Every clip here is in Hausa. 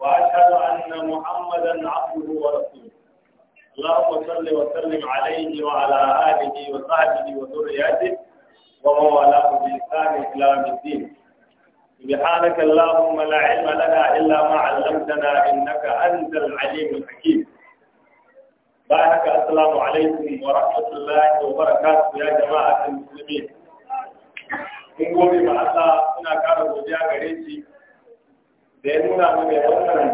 وأشهد أن محمدا عبده ورسوله اللهم صل وسلم عليه وعلى آله وصحبه وذريته ومن والاه بإحسان إلى يوم الدين سبحانك اللهم لا علم لنا إلا ما علمتنا إنك أنت العليم الحكيم بارك السلام عليكم ورحمة الله وبركاته يا جماعة المسلمين. Mun gobe ba Allah suna kara godiya gare shi da ya nuna mu da wannan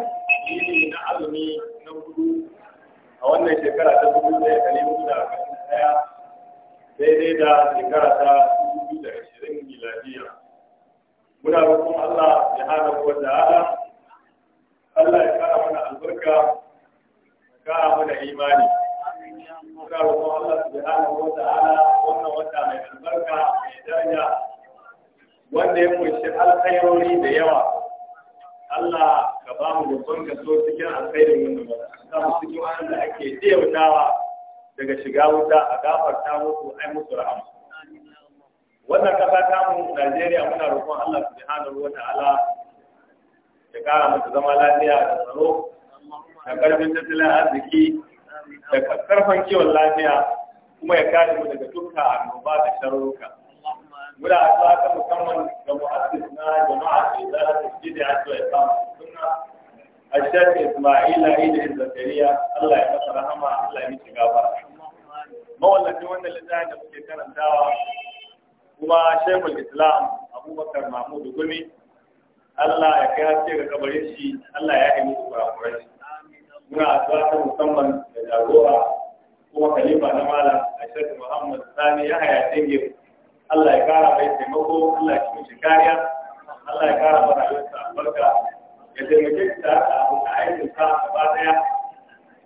shiri na azumi na hudu a wannan shekara ta dubu ɗaya da dubu da arba'in ɗaya daidai da shekara ta dubu da ashirin miladiya muna roƙon Allah ya hana wa ta'ala Allah ya kara mana albarka ya kara mana imani muna roƙon Allah ya hana wa ta'ala wannan wata mai albarka mai daraja wanda ya kunshi alkhairori da yawa Allah ka ba mu babban kaso cikin alkhairin wannan wata ka samu cikin wannan da ake tsayautawa daga shiga wuta a gafarta musu ai musu rahama wannan kasa ta mu Najeriya muna roƙon Allah subhanahu wa ta'ala ya kara mata zama lafiya da tsaro da karfin tattalin arziki da karfan kiwon lafiya kuma ya kare mu daga dukkan annoba da sharruka muna zuwa ta musamman ga mu'assis na jama'a ke zara ta shi da ake ya samu suna a shafi ismaila idris zakariya allah ya masa rahama allah ya mishi gaba mawallafin wannan littafin da muke karantawa kuma shekul islam abubakar mahmudu gumi allah ya kai haske ga kabarin shi allah ya yi musu kurakurai shi muna addu'a ta musamman da jagora kuma khalifa na malam ashadu muhammad sani ya haya dingin الله يكارا بيت موكو الله يكون شكاريا الله يكارا برا يوسا بركا يتم جيكتا أبو سعيد الكارا سباتيا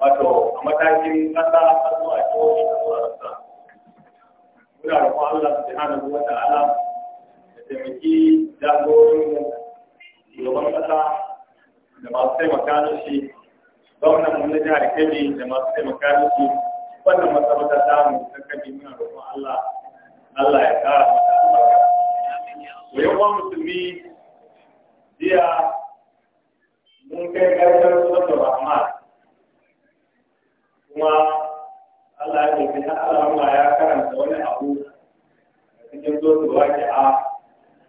واتو أمتاكي قطا قطو أشو أشو أرسا بلا رفا الله سبحانه وتعالى يتم جي جاكو يوم قطا نماثي مكانوشي دونا مولجاري كبي نماثي مكانوشي وانا مطبطا دامي سكبي من رفا الله Allah ya kara mata albarka to yawa musulmi jiya mun kai ƙarshen suratul rahman kuma Allah ya ce ta Allah ya karanta wani abu cikin suratul a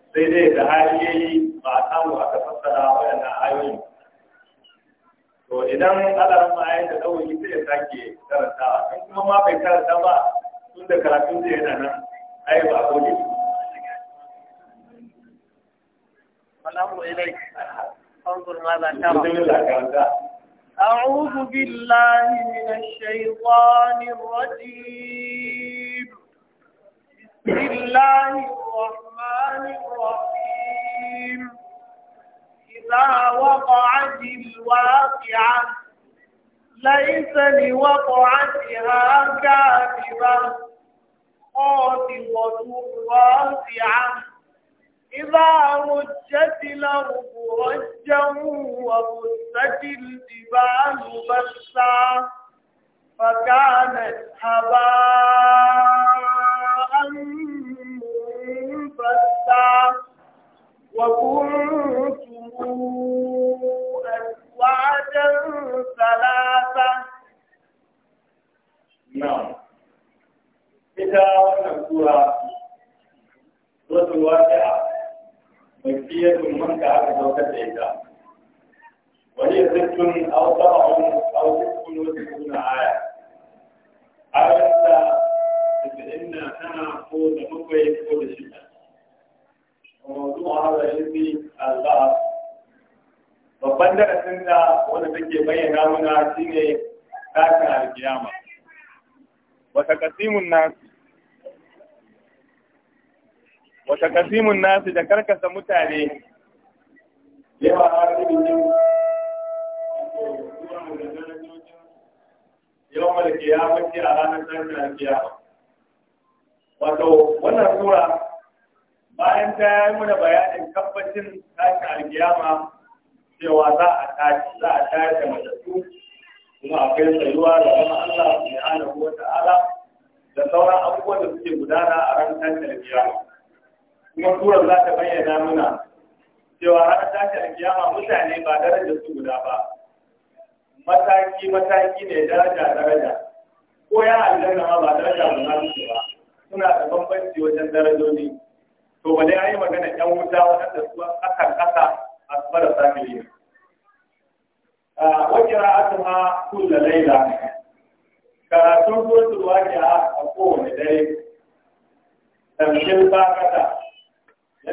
sai dai da hali ba a samu aka fassara yana ayoyi to idan Allah ya yi ta dawo sai ya sake karanta kuma ma bai karanta ba tun da karatun zai yana nan ai ba ko ne salamu alaikum انظر ماذا ترى أعوذ بالله من الشيطان الرجيم بسم الله الرحمن الرحيم إذا وقعت الواقعة ليس لوقعتها كاذبة قاطبة واسعة إذا رجت الأرض رجا وبست الجبال بسا فكانت هباء منبسا وكنتم أزواجا ثلاثة نعم ita wannan sura suratul waqi'a makkiyatul manka aka saukar da ita wani zikkun aw sab'un aw zikkun wa zikkun aya ayata inna tana ko da bakwai ko da shida mawdu'u hada ilmi al-ba'd babban darasin da wanda take bayyana mana shine tashin alkiyama wa taqsimul nas wa taqsimun nas da karkasa mutane yawa hadirin yau mala kiyamati a ranar tashin kiyama wato wannan sura bayan ta yi mana bayanin tabbacin tashin alkiyama cewa za a tashi za a tashi matattu kuma akwai tsayuwa da kuma Allah subhanahu wa ta'ala da sauran abubuwan da suke gudana a ran tashin alkiyama kuma turar za ta bayyana muna cewa har tashi alkiyama mutane ba darajar su guda ba mataki mataki ne daraja daraja ko ya aljanna ma ba daraja na su ba suna da bambanci wajen darajoji to ba dai yi magana yan wuta wadanda su aka kasa asbara samili wa Asuma kullu Laila. karatun suratul waqi'a a kowane dare tamshin kasa.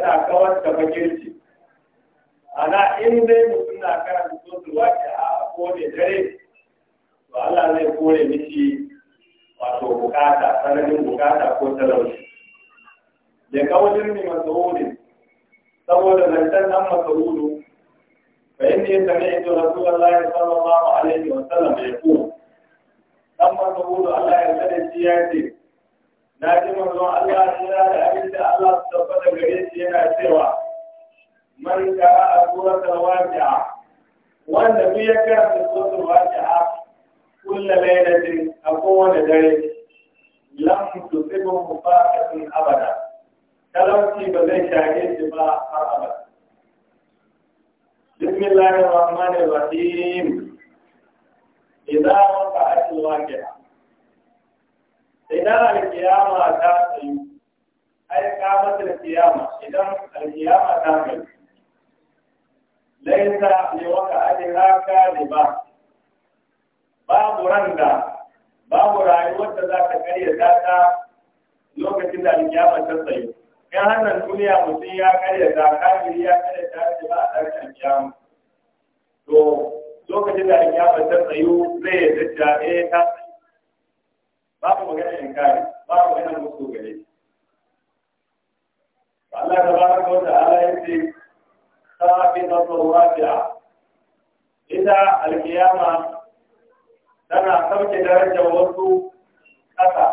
yana kawar da bakirci ana in dai mutum na karanta sosul wace a kone dare to Allah zai kore miki wato bukata sanadin bukata ko talauci da kawajin ne masaudi saboda zancen nan masaudu bayan da ya sami ito rasulullahi sallallahu alaihi wa sallam ya kuma dan masaudu Allah ya sani shi ya ce na ji manzon Allah ya da abin da Allah su tabbata gare shi yana cewa man ka a suratul waqi'a wanda duk ya karanta suratul waqi'a kullu lailatin a kowane dare lam tusibu faqatun abada talauci ba zai shage shi ba har abada bismillahir rahmanir rahim idan waqa'atil waqi'a idan alkiyama ta tsayu ai ka kamata alkiyama idan alkiyama ta tsayu laisa ne waka adira kaliba babu randa babu rayuwar da za ka karya ta lokacin da alkiyama ta tsayu in hannun duniya mutum ya karya ta kafiri ya karya ta ba a tsarin alkiyama to lokacin da alkiyama ta tsayu zai yadda eh, ta babu magana inkari babu magana musu gare shi Allah da baraka wa ta'ala yace sabitatu rafi'a ita alkiyama tana sauke darajar wasu ƙasa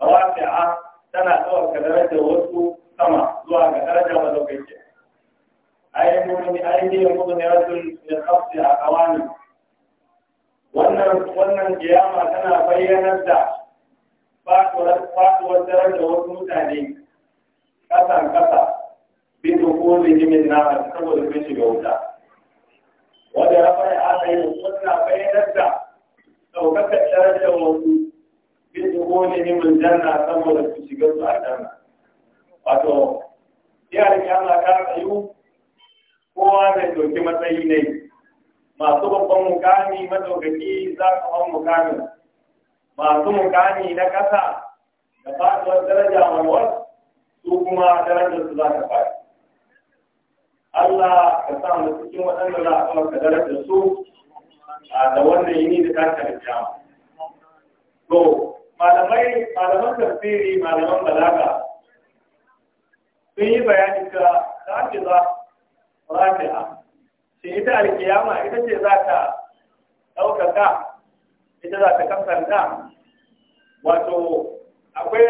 rafi'a tana ɗaukaka darajar wasu sama zuwa ga darajar madaukaki ayyukan mu'minin ya min a aqwani wannan wannan kiyama tana bayyanar da faɗuwar daren da wasu mutane ƙasan ƙasa bisu ko lijimin na saboda sun shiga wuta wanda ya fara aka yi suna bayyanar da ɗaukakar daren da wasu bisu ko lijimin janna saboda sun shiga su a janna wato iyar kiyama ta tsayu kowa zai ɗauki matsayi ne masu babban mukami madaukaki za ka hau mukamin masu mukami na ƙasa da faɗuwar daraja warwar su kuma darajar su za ta faɗi Allah ka sa mu cikin waɗanda za a ka darajar su da wannan yini da ta karfiya to malamai malaman tafsiri malaman balaga sun yi bayani ka za rafi'a shi ita alkiyama ita ce za ta ɗaukaka ita za ta kasanta wato akwai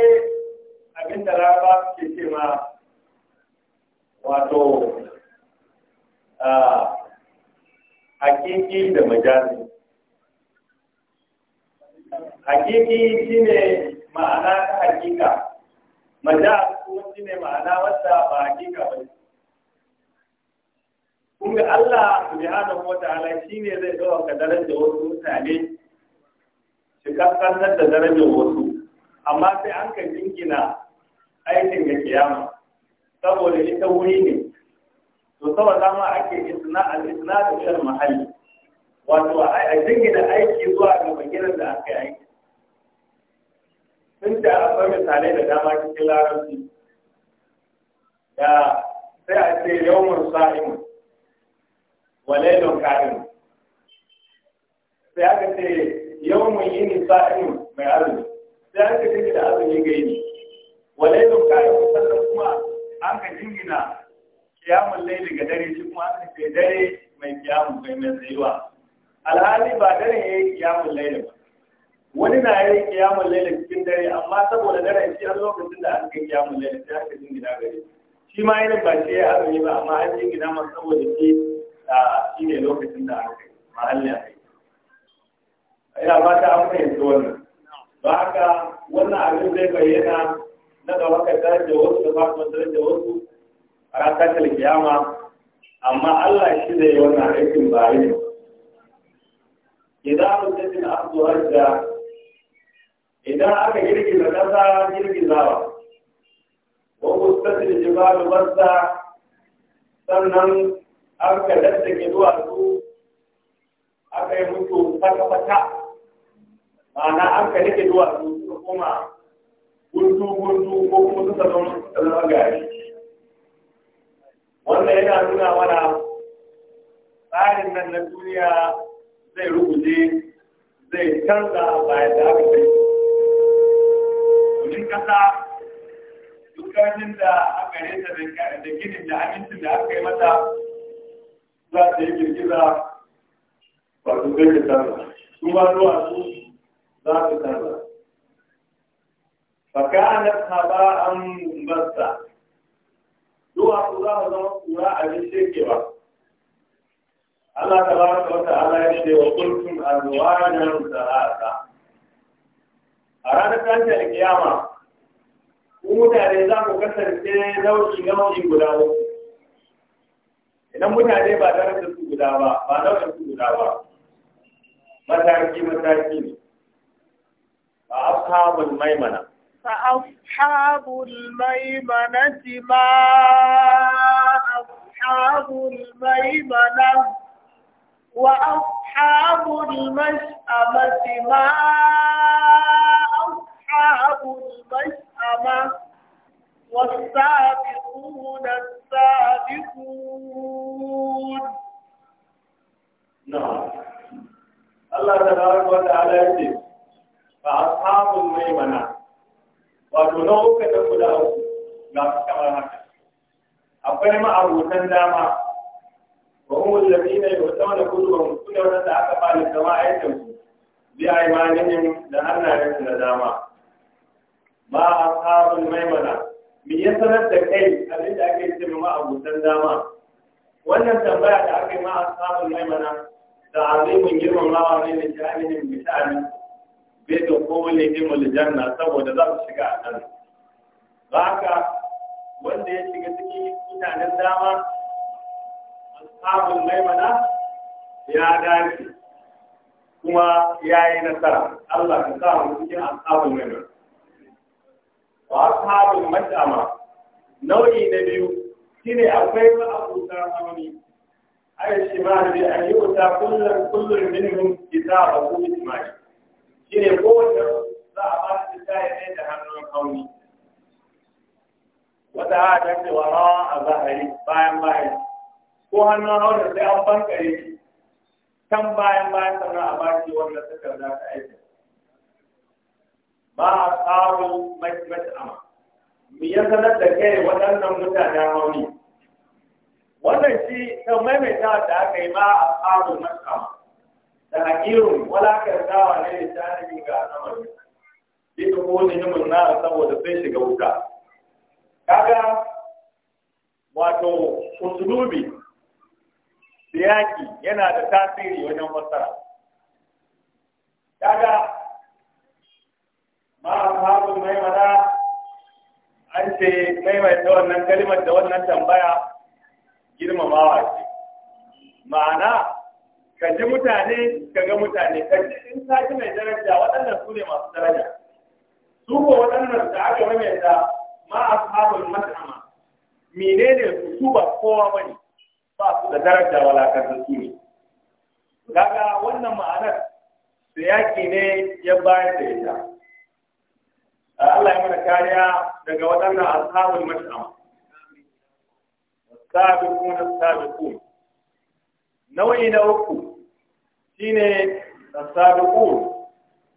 abin da raba ke ce ma wato hakiki da majazi hakiki shi ne ma'ana ta hakika majaz kuma shi ne ma'ana wadda ba hakika ba ne kun ga Allah subhanahu wataala shine zai ga ka darajar wasu mutane shi kaskantar da darajar wasu amma sai an ka jingina aikin ga kiyama saboda ita wuri ne to saboda ma ake isna al isna da shar mahalli wato a jingina aiki zuwa ga maginar da aka yi sun da akwai misalai da dama cikin larabci da sai a ce yawon sa'imun don ka'in sai aka ce yawan mun yi ni sa'in mai arziki sai aka ce da azumi ga wale don kafin, sannan kuma an ka jingina kiyamun laili ga dare shi kuma an ka dare mai kiyamun kai mai tsayuwa alhali ba dare ya yi kiyamun laili ba wani na yi kiyamun laili cikin dare amma saboda dare shi har lokacin da an ka kiyamun laili sai aka jingina gari. shi ma yanin ba ce ya azumi ba amma an jingina masu saboda shi shi ne lokacin da aka yi mahalli a kai ina ba ta an fahimci wannan ba haka wannan abin zai bayyana na gaba ka tarar wasu da fatan tarar da wasu a ranar tashin kiyama amma Allah shi ne yi wannan aikin ba yi idan an tafi na abu da idan aka girgiza kasa girgizawa wa kustatin jibalu basta sannan an ka daddake duwatsu aka yi mutu fata-fata ma'ana an ka zuwa duwatsu suka koma guntu-guntu ko kuma suka zama gari wannan yana nuna mana tsarin nan na duniya zai rubuje zai canza bayan da aka sai domin kasa duk da aka yi da ginin da amincin da aka yi mata za ta yi girgiza ba su kai ta tarra su ma duwatsu za su tarra فكانت an منبثا duwatsu za a zama kura abin shekewa. Allah ta ba ta wata ala ya ce wa kulkun azwajan salata. A ranar tantar kiyama, ku mutane za ku kasance nau'i nau'i guda uku. idan mutane ba tare da su guda ba ba nau'in su guda ba mataki mataki ne fa ashabul maimana fa ashabul maimana ma ashabul maimana wa ashabul mash'amati ma ashabul mash'ama والسابقون السابقون نعم الله تبارك وتعالى يقول فأصحاب الميمنة وتنوك تقول لا kamar haka? akwai ma'abotan dama Ba mu zafi ne ba ta wani kudu ba mutum wanda da aka bani zama aikin su bi a imanin da hannayen su na dama ba a sabon maimana me ya sanar da kai abinda ake ce ma ma'abotan dama wannan tambaya da aka yi ma ashabul maimana da azimin girmamawa ne da jami'in misali bai da kowane himul janna saboda za su shiga a nan ba ka wanda ya shiga cikin mutanen dama ashabul maimana ya dace kuma ya yi nasara Allah ka sa mu cikin ashabul maimana wa ashabul mat'ama nau'i na biyu shine akwai ma'abuta aure ai shi ma da an yi wuta kullum kullum minhum kitabu ijma'i shine kowace za a ba shi tayi ne da hannun kauni wata ta ce wa rawa a zahari bayan bayan ko hannun hauna sai an bankare shi kan bayan bayan sannan a ba shi wannan takarda ta aiki ba a tsaro mai mai amma mu ya sanar da kai waɗannan mutanen hauni wannan shi ta maimaita da aka yi ma a tsarin makka da hakirun dawa ne da tarihi ga namari bi ta kone mun na saboda sai shiga wuta kaga wato da siyaki yana da tasiri wajen masara kaga ma a tsarin maimana an ce maimaita wannan kalimar da wannan tambaya girmamawa ce ma'ana ka ji mutane ka ga mutane ka ji in ka ji mai daraja waɗannan su ne masu daraja su ko waɗannan da aka maimaita ma ashabul mat'ama menene su su ba kowa ne, ba su da daraja walakar su ne kaga wannan ma'anar da yaƙi ne ya bayar da ita Allah ya mana kariya daga waɗannan ashabul mash'am sabiqun sabiqun Nawai na uku shine sabiqun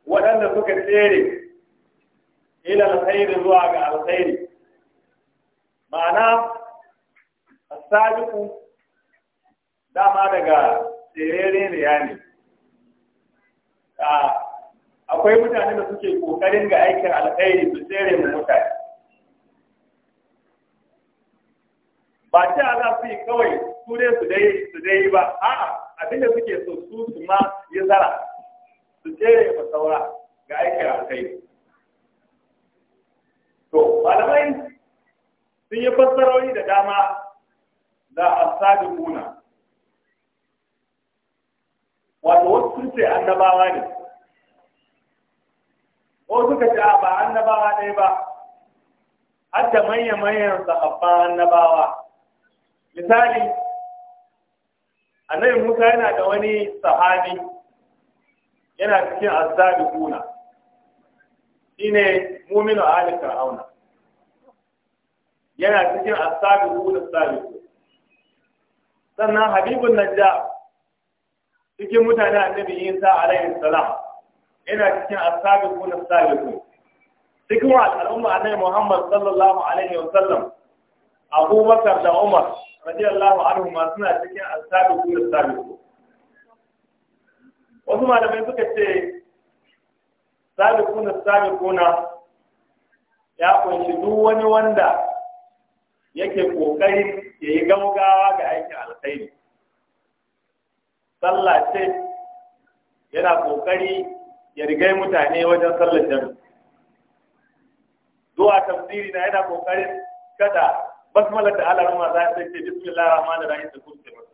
waɗanda suka tsere ila alkhairi zuwa ga alkhairi ma'ana sabiqu dama daga tsere ne ya ah, ne akwai mutane da suke kokarin ga aikin alkhairi su tsere mu mutane ba ce za su yi kawai su dai su dai su dai ba a'a abinda suke so su su ma yi zara su tsere mu saura ga aikin alkhairi to malamai sun yi fassarori da dama da asabi kuna wato wasu sun ce annabawa ne ko suka ce a ba annabawa ɗaya ba har da manya-manyan sahabban annabawa misali annabi musa yana da wani sahabi yana cikin azabi kuna ne muminu ali auna. yana cikin azabi kuna sabiku sannan habibun najja cikin mutane annabi yin alaihi salam ina cikin na sabi ko cikin al'umma annabi Muhammad sallallahu alaihi wa sallam Abu Bakar da Umar radiyallahu anhu ma suna cikin sabi ko wasu malamai suka ce na ko na ya kunshi duk wani wanda yake kokari ya yi gaugawa ga aikin alkhairi sallah ce yana kokari Yarigai mutane wajen sallar jami'a zuwa tafsiri na yana kokarin kada basmalar da Allah ma za ta ce da rahmanir rahim ta kurce masa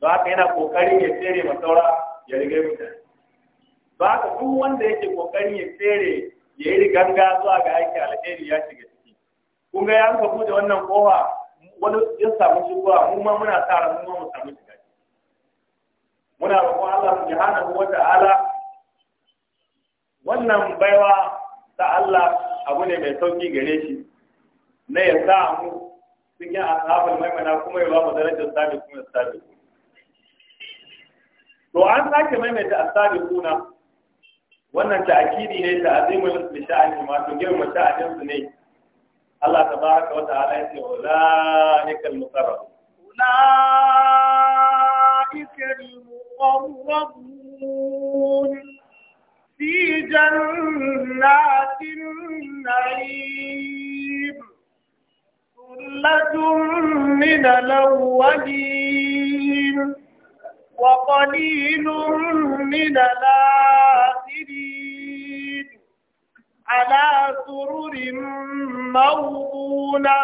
to haka yana kokarin ya tsere masaura ya yarigai mutane Ba haka duk wanda yake kokarin ya tsere ya yi ganga zuwa ga aiki alheri ya shiga ciki kun ga ya ka wannan kowa wani ya samu shigowa mu ma muna sa ran mu ma mu samu shiga muna roƙon Allah subhanahu wa ta'ala wannan baiwa ta Allah abu ne mai sauki gare shi na ya sa mu cikin ashabul maimana kuma ya ba mu darajar sabi kuma sabi to an sake maimaita asabi kuna wannan ta'kidi ne ta azimul lisha'ani ma to girma sha'anin su ne Allah tabaraka wa ta'ala ya ce ulaikal muqarrab ulaikal muqarrabun في جنات النعيم ثلة من الأولين وقليل من الآخرين على سرر موضونة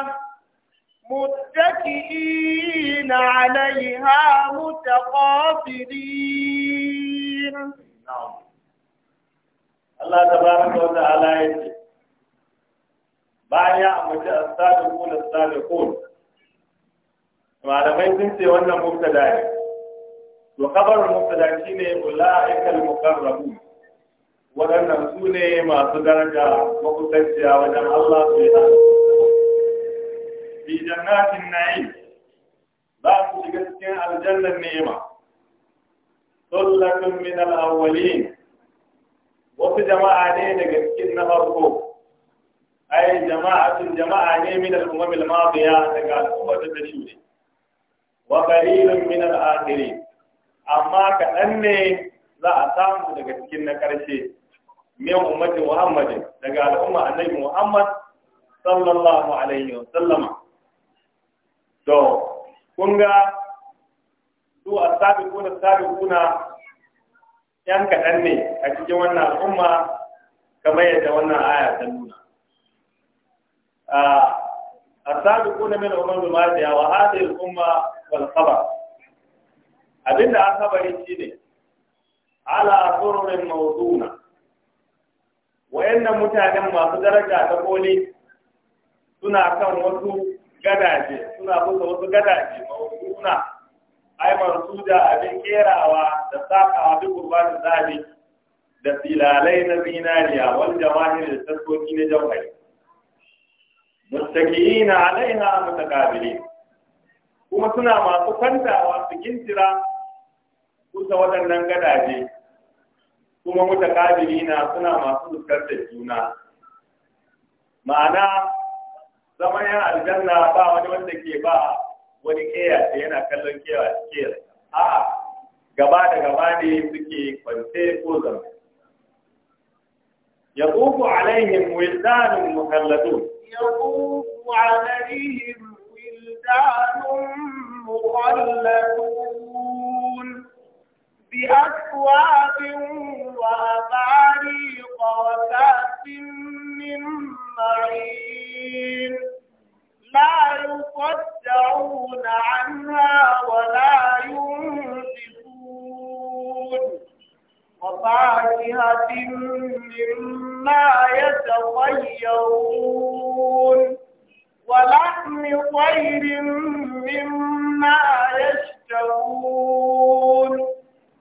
متكئين عليها متقابلين نعم Allah ta baraka wa ta'ala ya ce bayan ya amince as-sabiqun as-sabiqun malamai sun ce wannan mubtada ne to kabar mubtada shine ulaikal muqarrabun waɗannan su ne masu daraja makusanciya wajen Allah su yi fi jannatin na'im za su shiga cikin aljannar ni'ima sullatun min al-awwalin wasu jama'a ne daga cikin na farko ai jama'atun jama'a ne min al-umam al-madiya daga al'ummar da shuɗe wa qalilun min al-akhirin amma kaɗan ne za a samu daga cikin na ƙarshe min ummati Muhammad daga al'umma annabi muhammad sallallahu alaihi wa sallama to kun ga su asabi kuna sabi kuna ‘yan kaɗan ne a cikin wannan al’umma kamar yadda wannan aya ta nuna. A sabi kuna mai umar lumajiya wa hada al’umma wal khaba. Abin da shi ne, ala tsororin mawuduna, wa’yannan mutanen masu daraja ta koli suna kan wasu gadaje, suna kusa wasu gadaje mawuduna. ai da abin kerawa da sakawa abin qurbanin zabi da filalai na zinariya wal jawahir da taskoki na jawhari mustaqiyina alaiha mutakabili kuma suna masu kwantawa su gintira kusa waɗannan gadaje kuma na suna masu fuskantar juna ma'ana zaman yan aljanna ba wani wanda ke ba wani keya da yana kallon kewa kiyar a gaba da gaba ne suke kwance ko zama ya tsufu alaihim wildanun mukalladu ya tsufu alaihim wildanun mukalladun bi aswabin wa abariqa wa kasin min ma'in لا يصدعون عنها ولا ينفقون وفاكهة مما يتخيرون ولحم طير مما يشتهون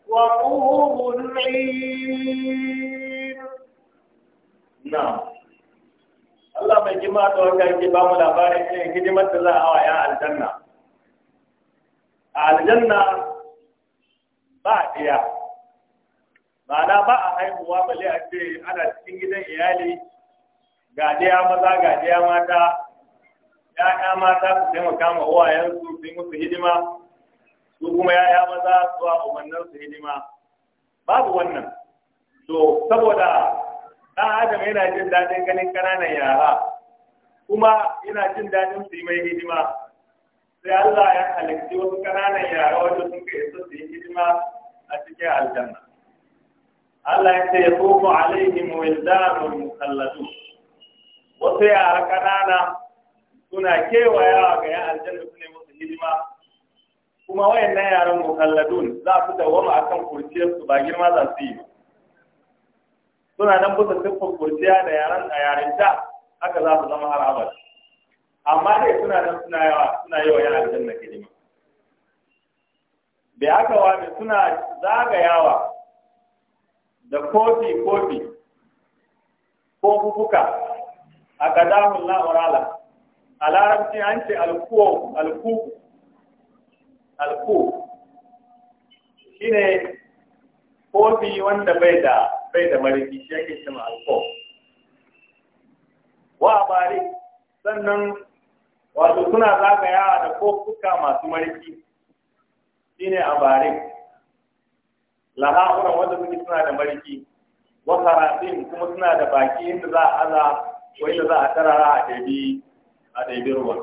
وقوم عين نعم Allah mai jima da wanda yake ba mu labarin irin hidimar da za a wa 'yan aljanna. A aljanna ba a ɗaya, ma'ana ba a haihuwa bale a ce ana cikin gidan iyali ga ɗaya maza ga ɗaya mata, ‘ya'ya mata su taimaka ma uwayensu su yi musu hidima, su kuma ‘ya'ya maza su wa umarnin su hidima. Babu wannan. To, saboda dan adam yana jin daɗin ganin ƙananan yara kuma yana jin daɗin su yi mai hidima sai Allah ya halitti wasu ƙananan yara wanda sun ka isa su yi hidima a cikin aljanna Allah ya ce ya tsofa alaihim wildanun mukalladu wasu yara ƙanana suna kewayawa ga yan aljanna su ne musu hidima kuma wayannan yaran mukalladun za su dawwama akan kurciyarsu ba girma za su yi ba suna nan su siffar kurciya da yaran a yaren ta haka za su zama har abada amma dai suna nan suna yawa suna yawa yana da janna kilima bai aka wani suna zagayawa da kofi kofi ko fufuka a kadahun la'urala a larabci an ce alku alku shi shine kofi wanda bai da sai da mariki shi yake shi ma alko wa bari sannan wato suna zagayawa da kofuka masu mariki shine a bari lahauran wanda suke suna da mariki wata rafin kuma suna da baki inda za a aza ko inda za a tarara a ɗabi a ɗabi ruwa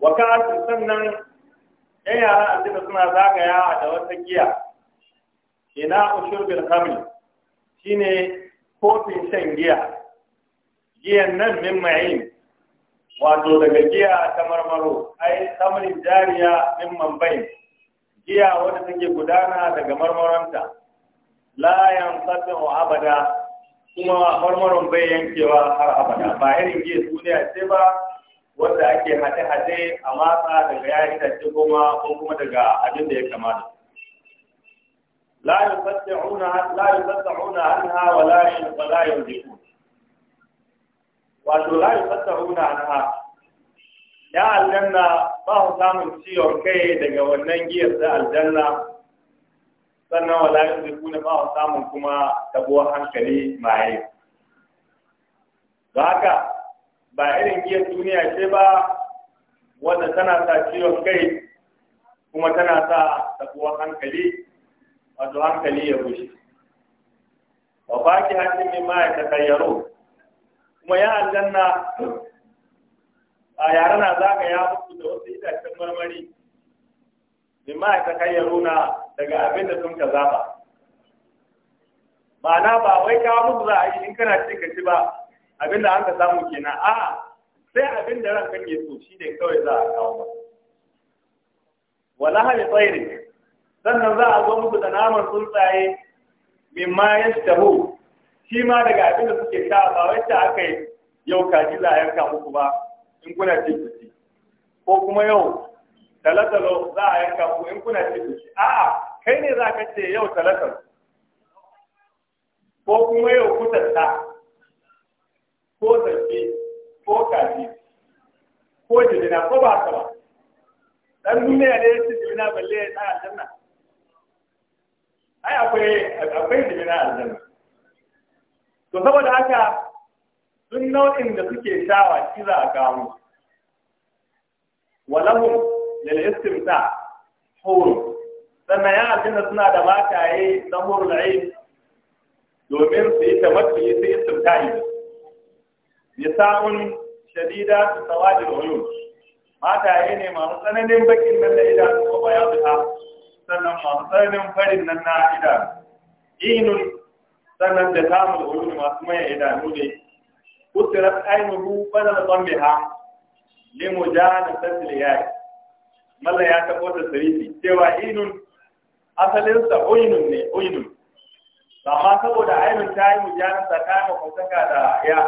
wa sannan yan yara a suna zagayawa da wata giya ina ushur bil shine kofin shan giya giyan nan min ma'in wato daga giya ta marmaro ai kamarin jariya min mambai giya wadda take gudana daga marmaronta la sabu abada kuma marmaron bai yankewa har abada ba irin giya duniya ce ba wanda ake hade-hade a matsa daga yayin da kuma ko kuma daga abin da ya kamata لا يفتحون لا يفتحون عنها ولا ولا يملكون wato la yufassahuna anha ya aljanna ba su samun ciwon kai daga wannan giyar da aljanna sannan wala yuzikuna ba su samun kuma tabuwar hankali maye don haka ba irin giyar duniya ce ba wanda tana sa ciwon kai kuma tana sa tabuwar hankali wato hankali ya bushe wa baki hati min ma ya takayyaro kuma ya aljanna a yare na za ka ya mutu da wasu itacen marmari min ma ya takayyaro na daga abin da sun ka zaba ma'ana ba wai ka musu za a yi in kana ce ka ci ba abin da an ka samu kenan a sai abin da ranka ke so shi ne kawai za a kawo ba wala hali tsairin sannan za a zo muku da naman tsuntsaye min ma yashtahu shi ma daga abin da suke sha ba wai ta aka yi yau kaji za a yanka muku ba in kuna ci kuci ko kuma yau talatalo za a yanka muku in kuna ci kuci a'a kai ne za ka ce yau talatalo ko kuma yau kutanta ko zarfe ko kaji ko jilina ko ba ta ba dan duniya ne ya ci jilina balle ya tsaya aljanna ai akwai akwai jini na aljanna to saboda haka sun nau'in da suke shawa kiza za a kawo walahum lil istimta hur sannan ya aljanna suna da mataye na hurul domin su yi tamattu su yi Ya nisa'un shadida su sawadil uyun mataye ne masu tsananin bakin nan da idan kuma ya su sannan masu tsananin farin nan na ida inun sannan da tamul ulul masu maye idanu ne kusirat ainihu ha limo ja da malla ya tabo ta sarifi cewa inun asalin sa uyinun ne Ba amma saboda ainihin ta yi mujalasa ta yi kwasaka da ya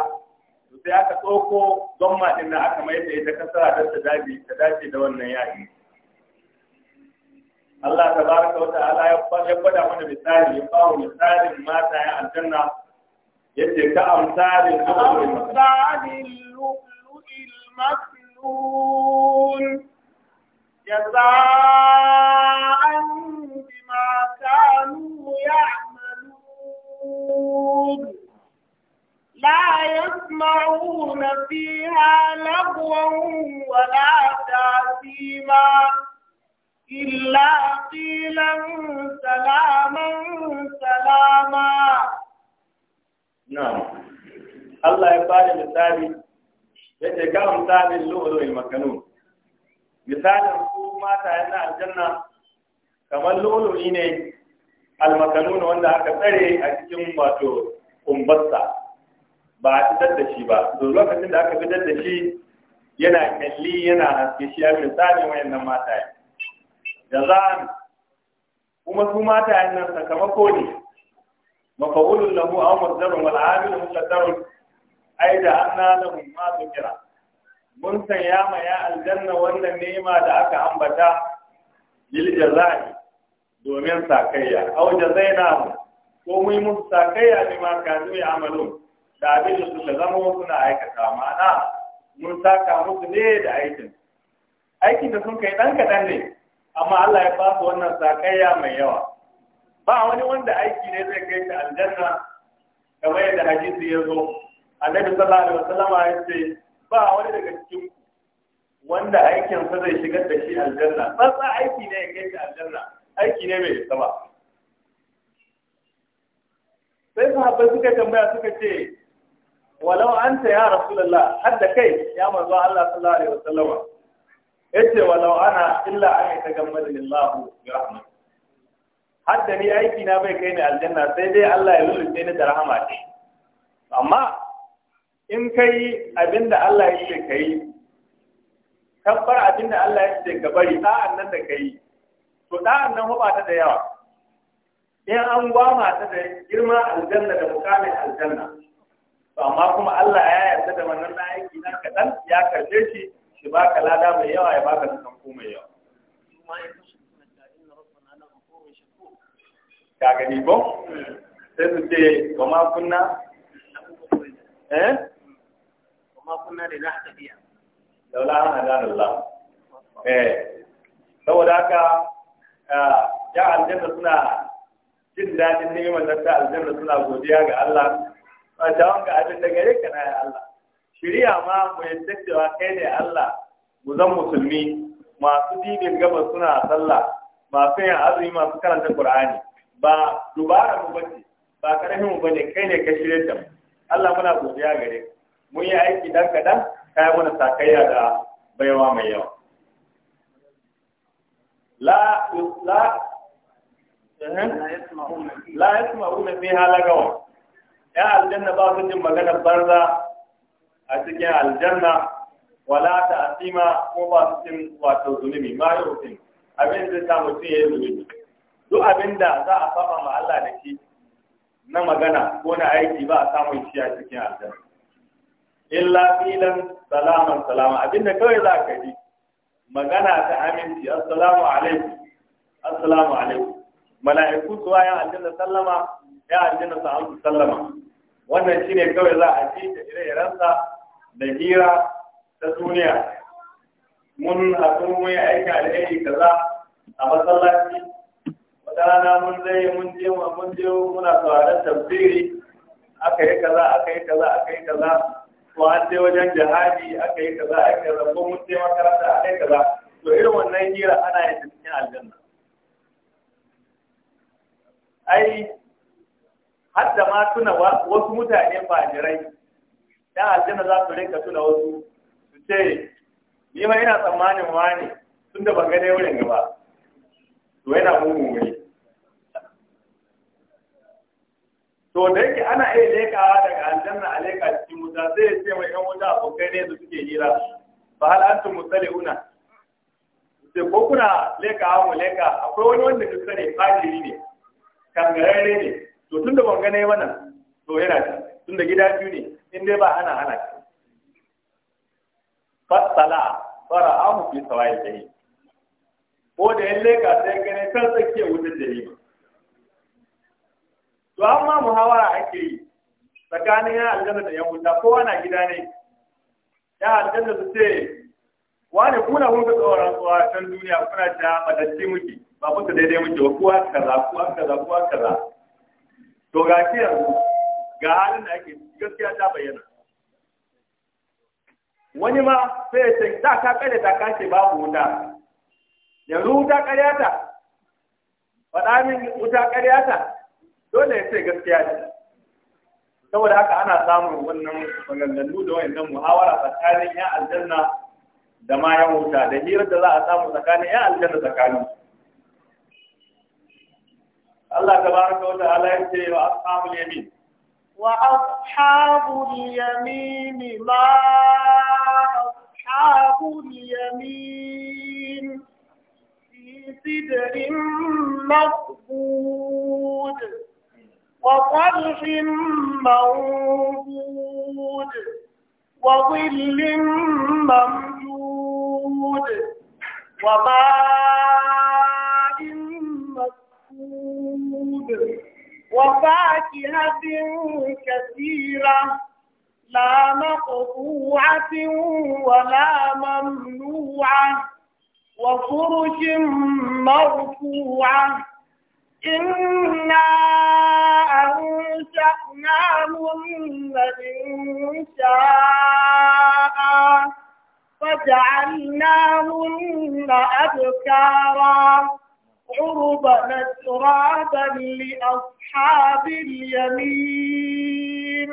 sai aka tsoko gwamma din da aka mai da ita kasara ta dace da wannan yayi الله تبارك وتعالى يبدا هنا بالثاني يقاوم الثاني ما تاعي الجنه يدي كامثال اللؤلؤ المكنون جزاء بما كانوا يعملون لا يسمعون فيها لغوا ولا تاثيما إلا salaman salama. سلاما نعم الله يبارك مثالي yace ga misalin lu'lu'il makanun misalin ku mata yana aljanna kamar lu'lu'i ne almakanun wanda aka tsare a cikin wato kumbarsa ba a fitar da shi ba to lokacin da aka fitar da shi yana kalli yana haske shi a misalin wayannan mata da za'an kuma su mata nan sakamako ne mafa'ulun lahu aw mazdarun wal amil muqaddarun ai da da lahum ma Kira, mun san ya ma ya aljanna wannan nema da aka ambata lil jazai domin sakayya aw jazaina ko mu yi musu sakayya ne ma zo ya amalu da abin da suka zama suna aikata ma'ana mun saka musu ne da aikin aikin da sun kai dan kaɗan ne amma Allah ya fasa wannan sakayya mai yawa ba wani wanda aiki ne zai kai ta aljanna kamar yadda hadisi ya zo annabi sallallahu alaihi wasallam ya ce ba wani daga cikin wanda aikin sa zai shigar da shi aljanna tsatsa aiki ne ya kai ta aljanna aiki ne mai isa ba sai sahabbai suka tambaya suka ce walau anta ya rasulullah hadda kai ya manzo Allah sallallahu alaihi wasallam yace walau ana illa an yatagammadani Allah bi rahmat hadda ni aiki na bai kai ni aljanna sai dai Allah ya lulluce ni da rahama ce amma in kai abinda Allah ya ce kai kabbar abinda Allah ya ce ka bari da'an nan da kai to da'an nan ba ta da yawa in an gwama ta da girma aljanna da mukamin aljanna to amma kuma Allah ya yarda da wannan aiki na kadan ya karbe shi shi baka lada mai yawa ya baka sakamako mai yawa ka gani ko sai su ce kuma ma kunna eh wa ma kunna da na biya laula an hadana Allah eh saboda haka ya aljanna suna jin dadin ni'imar da ta aljanna suna godiya ga Allah ba ta wanga abin da gare ka na ya Allah shirya ma mu yadda cewa kai ne Allah mu zan musulmi masu dibin gabas suna sallah masu yin azumi masu karanta Qur'ani ba dubara mu bace ba karfin mu bane kai ne ka shirye ta Allah muna godiya gare mun yi aiki dan kadan kai mana sakayya da baiwa mai yawa la la eh, la yasma'una fiha lagawa ya aljanna ba su jin magana barza a cikin aljanna wala ta asima ko ba su cin wato zunubi ma yi rufin abin da ta mutum ya yi zunubi duk abin da za a saba ma Allah da shi na magana ko na aiki ba a samun shi a cikin aljanna illa filan salaman salama abin da kawai za ka ji magana ta aminci assalamu alaikum assalamu alaikum mala'iku su ya aljanna sallama ya aljanna su sallama wannan shine kawai za a ji da ire-irensa da hira ta duniya mun haɗu mun yi aiki alheri kaza a masallaci wata rana mun zai mun je mun je muna sauraron tafsiri aka yi kaza aka yi kaza aka yi kaza ko an je wajen jihadi aka yi kaza aka yi kaza ko mun je makaranta aka yi kaza to irin wannan hira ana yin cikin aljanna ai hadda ma tuna wasu mutane fajirai dan aljanna za su rinka tuna wasu su ce ni ma ina tsammanin wani tun da ban ga dai wurin gaba to yana mugun wuri to da yake ana iya lekawa daga aljanna a leka cikin wuta sai ya ce mai yan wuta abokai ne su suke hira fa hal una, musallihuna sai ko kuna lekawa mu leka akwai wani wanda duk sani fajiri ne kangararre ne to tun da ban gane mana to yana tun da gida biyu ne in dai ba ana hana ka fasala fara amu fi sawai dai ko da ya leka sai gane kan tsakiyar wutar ba. to amma muhawara ake yi tsakanin ya aljanna da yan wuta kowa na gida ne ya aljanna su ce wani kuna kun ka tsoron tsawa can duniya kuna ta madadci muke ba kusa daidai muke ba kowa kaza kowa kaza kowa kaza to ga ki yanzu ga halin da ake gaskiya ta bayyana wani ma sai ya ce ta ka kare ta kace babu wuta yanzu wuta kariya ta faɗa min wuta kariya ta dole ya ce gaskiya ce saboda haka ana samun wannan maganganu da wayannan muhawara tsakanin ya aljanna da ma ya wuta da hirar da za a samu tsakanin ya aljanna tsakanin Allah tabaraka wa ta'ala ya ce wa ashabul yamin وأصحاب اليمين ما أصحاب اليمين في سدر مخبود وطلح منضود وظل ممدود وماء وفاكهة كثيرة لا مقطوعة ولا ممنوعة وفرش مرفوعة إنا أنشأناهن إن شاء فجعلناهن أبكارا عربا ترابا لأصحاب اليمين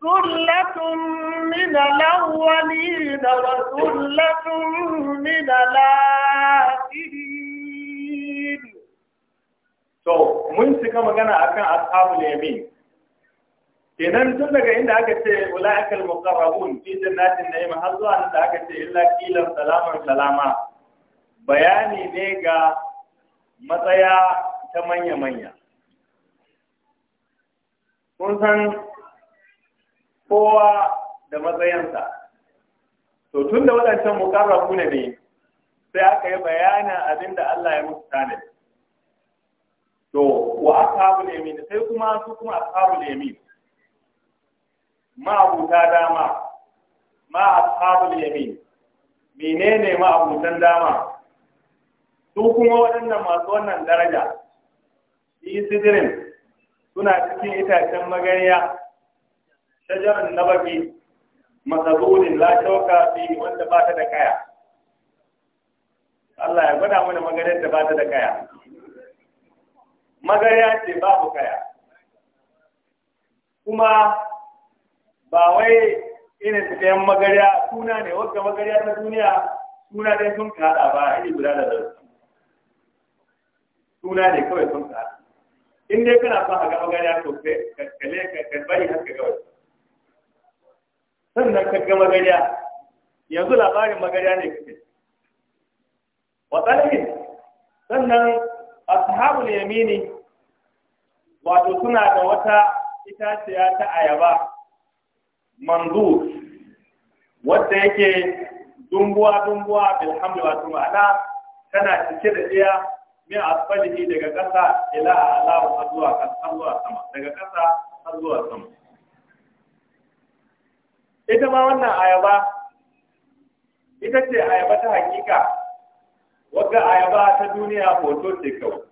ثلة من الأولين وثلة من الآخرين to mun cika magana akan ashabul yamin kenan tun daga inda aka ce ulaikal muqarrabun fi jannatin na'im har zuwa da aka ce illa qilan salaman salama bayani ne ga matsaya ta manya-manya kun san kowa da matsayansa to tun da waɗancan mukarrabu ne ne sai aka yi bayanin abin da Allah ya musu tanadi to wa ashabul yamin sai kuma su kuma ashabul yamin ma abuta dama ma ashabul yamin menene ma abutan dama su kuma waɗannan masu wannan daraja shi sidirin suna cikin itacen magariya shajarar na masaburin la shauka fi wanda ba ta da kaya Allah ya gwada mana magariyar da ba ta da kaya magariya ce babu kaya kuma ba wai irin cikin ɗayan magariya suna ne wadda magariya ta duniya suna dai sun kaɗa ba iri guda da zarsu suna ne kawai sun ka in dai kana son a ga magana to sai kalle ka bari har ka gawai sannan ka ga magana yanzu labarin magana ne kake wa talhin sannan ashabul yamini wato suna da wata itaciya ta ayaba manzu wadda yake dumbuwa dumbuwa bilhamdu wato ma'ana tana cike da iya min asfalihi daga ƙasa ila ala wa zuwa ƙasa zuwa sama daga ƙasa har zuwa sama ita ma wannan ayaba ita ce ayaba ta hakika wadda ayaba ta duniya hoto ce kawai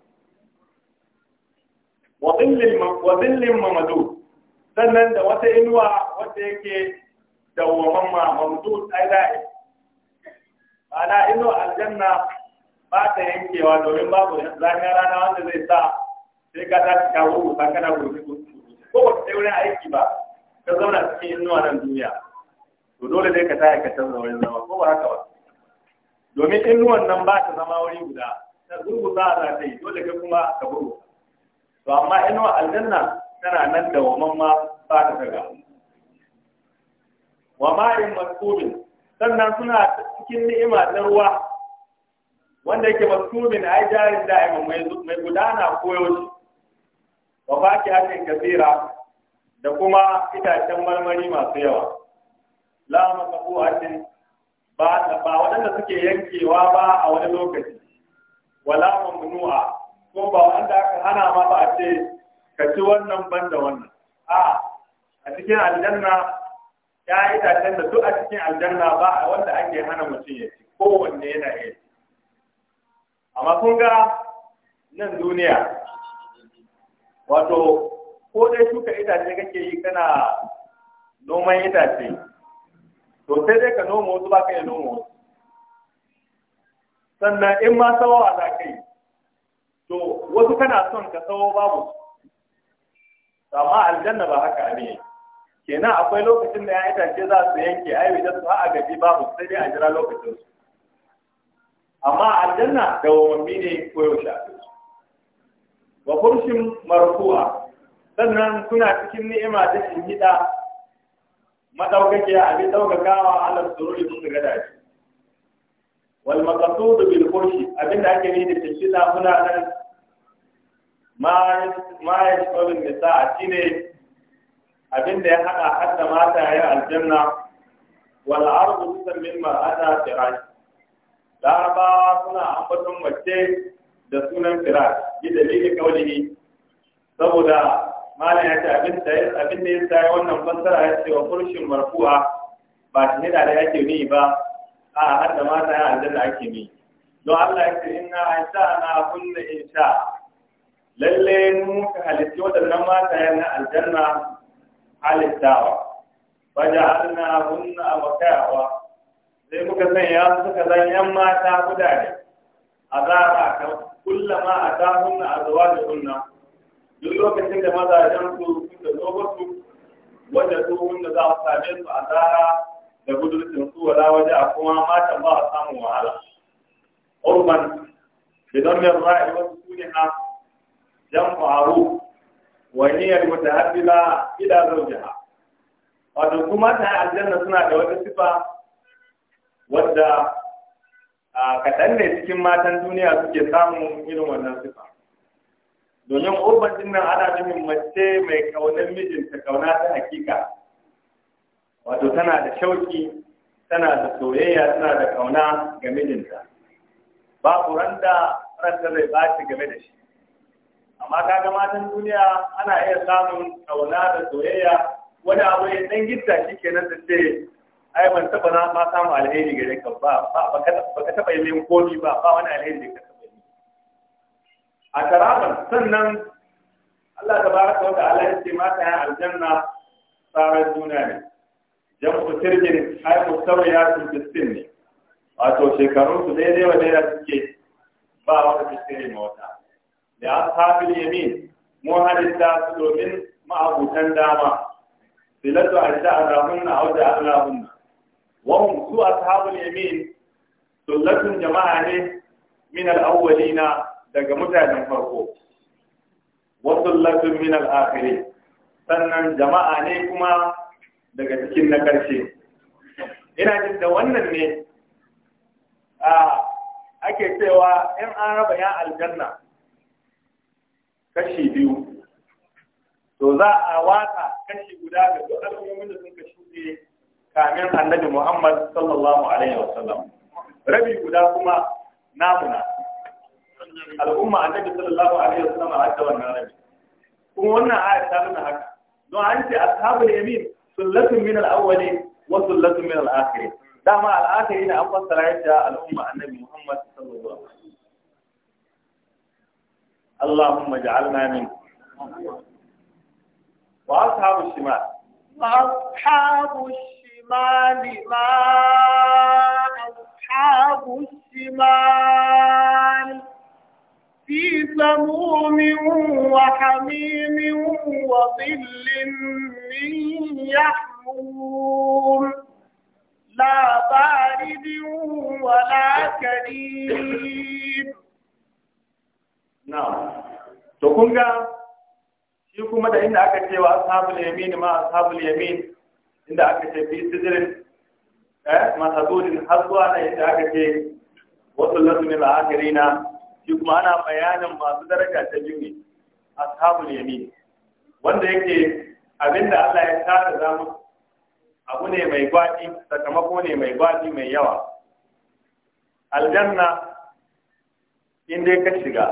wa mamadu sannan da wata inuwa wadda yake dawwaman ma mamadu tsaye ana inuwa aljanna ba ta yankewa domin babu zafin rana wanda zai sa sai ka tashi ka wuru ba kana gobe, ko ba ta wurin aiki ba ka zauna cikin inuwa nan duniya to dole dai ka tashi ka canza wurin zama ko ba haka ba domin inuwan nan ba ta zama wuri guda ta gurguza za a yi dole kai kuma ka buru to amma inuwa aljanna tana nan da waman ma ba ta taga wa ma'in maskumin sannan suna cikin ni'ima ta ruwa wanda yake maktubin ai jarin da'ima mai mai gudana koyaushe wa baki hakin kasira da kuma itacen marmari masu yawa la maqbu'atin ba ba wadanda suke yankewa ba a wani lokaci wala mamnu'a ko ba wanda aka hana ma ba a ce ka ci wannan banda wannan a a cikin aljanna ya yi itacen da duk a cikin aljanna ba a wanda ake hana mutum ya ci kowanne yana iya amma kun ga nan duniya wato ko dai shuka itace kake yi kana noman itace to sai dai ka noma wasu ba ka yi noma wasu sannan in ma sawa za ka yi to wasu kana son ka sawo babu amma aljanna ba haka ne kenan akwai lokacin da ya itace za su yanke ai wajen su ha a gaji babu sai dai a jira lokacin su amma aljanna wani ne koyaushe a cikin wa kurshin marfu'a sannan suna cikin ni'ima ta shinhida madaukakiya abin daukakawa ala sururi sun ga dace wal maqsud bil kurshi abinda ake yi da shinhida muna nan ma ma yashmalun nisa'a shine abinda ya hada hadda mata ya aljanna wal ardu tusammin mar'ata firash larabawa suna ambaton mace da sunan firash bi dalilin ne. saboda malam ya ce abin da ya sa yi wannan fassara ya ce wa furshin marfuwa ba shi ne da yake ne ba a har da mata ya aljanna ake ne. don Allah ya ce inna na kunna sha. lalle mu ka halitta wadannan mata ya na aljanna halittawa wajen na kunna a makayawa. sai muka sanya suka zan yan mata ne a zara kan kullama a tahunna a zuwa da sunna duk lokacin da mazajen su suka zo musu wanda su wanda za a same su a zara da budurcin su wala waje a kuma matan ba a samun wahala urban bidan min ra'i wasu ha, jan faru wa niyyar mutahaddila ila ha, wato kuma ta aljanna suna da wata sifa wadda a kaɗan ne cikin matan duniya suke samun irin wannan sifa domin urban dinnan ana nufin mace mai ƙaunar mijinta ƙauna ta hakika wato tana da shauki tana da soyayya tana da ƙauna ga mijinta babu randa ranta zai shi game da shi amma kaga matan duniya ana iya samun ƙauna da soyayya wani abu ya ɗan gitta shi kenan da ce ai ban taba na ma samu alheri gare ka ba ba ka taba yi min komi ba ba wani alheri da ka taba yi a karaman sannan Allah ta baraka wa Allah ya ce mata ya aljanna tsarar juna ne jam'u sirrin ai ya su fistin ne wato shekarun su daidai wa daidai suke ba wata fistin ne wata da tafi yamin mu hadisa su domin ma'abutan dama silatu ajda alahunna aw da alahunna وهم سوء أصحاب اليمين سلة جماعة من الأولين daga mutanen farko wasu lafin min al'akari sannan jama'a ne kuma daga cikin na ƙarshe ina jin wannan ne a ake cewa 'yan Araba ya aljanna kashi biyu to za a wata kashi guda da duk al'ummomin da suka shuɗe kamin annabi Muhammad sallallahu alaihi wasallam rabi guda kuma namuna al'umma annabi sallallahu alaihi wasallam a hadda wannan rabi kuma wannan aya ta nuna haka don an ce ashabul yamin sullatun min al-awwali wa sullatun min al-akhir dama al-akhir ne an fassara shi al'umma annabi Muhammad sallallahu alaihi wasallam Allahumma اللهم min wa وأصحاب shimal وأصحاب الشمال الشمال ما أصحاب الشمال في سموم وحميم وظل من يحموم لا بارد ولا كريم نعم تقول shi kuma da inda aka cewa ashabul yamin ma ashabul inda aka ce fi sidirin eh masadurin har zuwa na inda aka ce wasu lasumin al'akirina shi kuma ana bayanin masu daraja ta biyu ne sabon yami wanda yake abinda Allah ya za mu abu ne mai gwaji sakamako ne mai gwaji mai yawa aljanna in dai ka shiga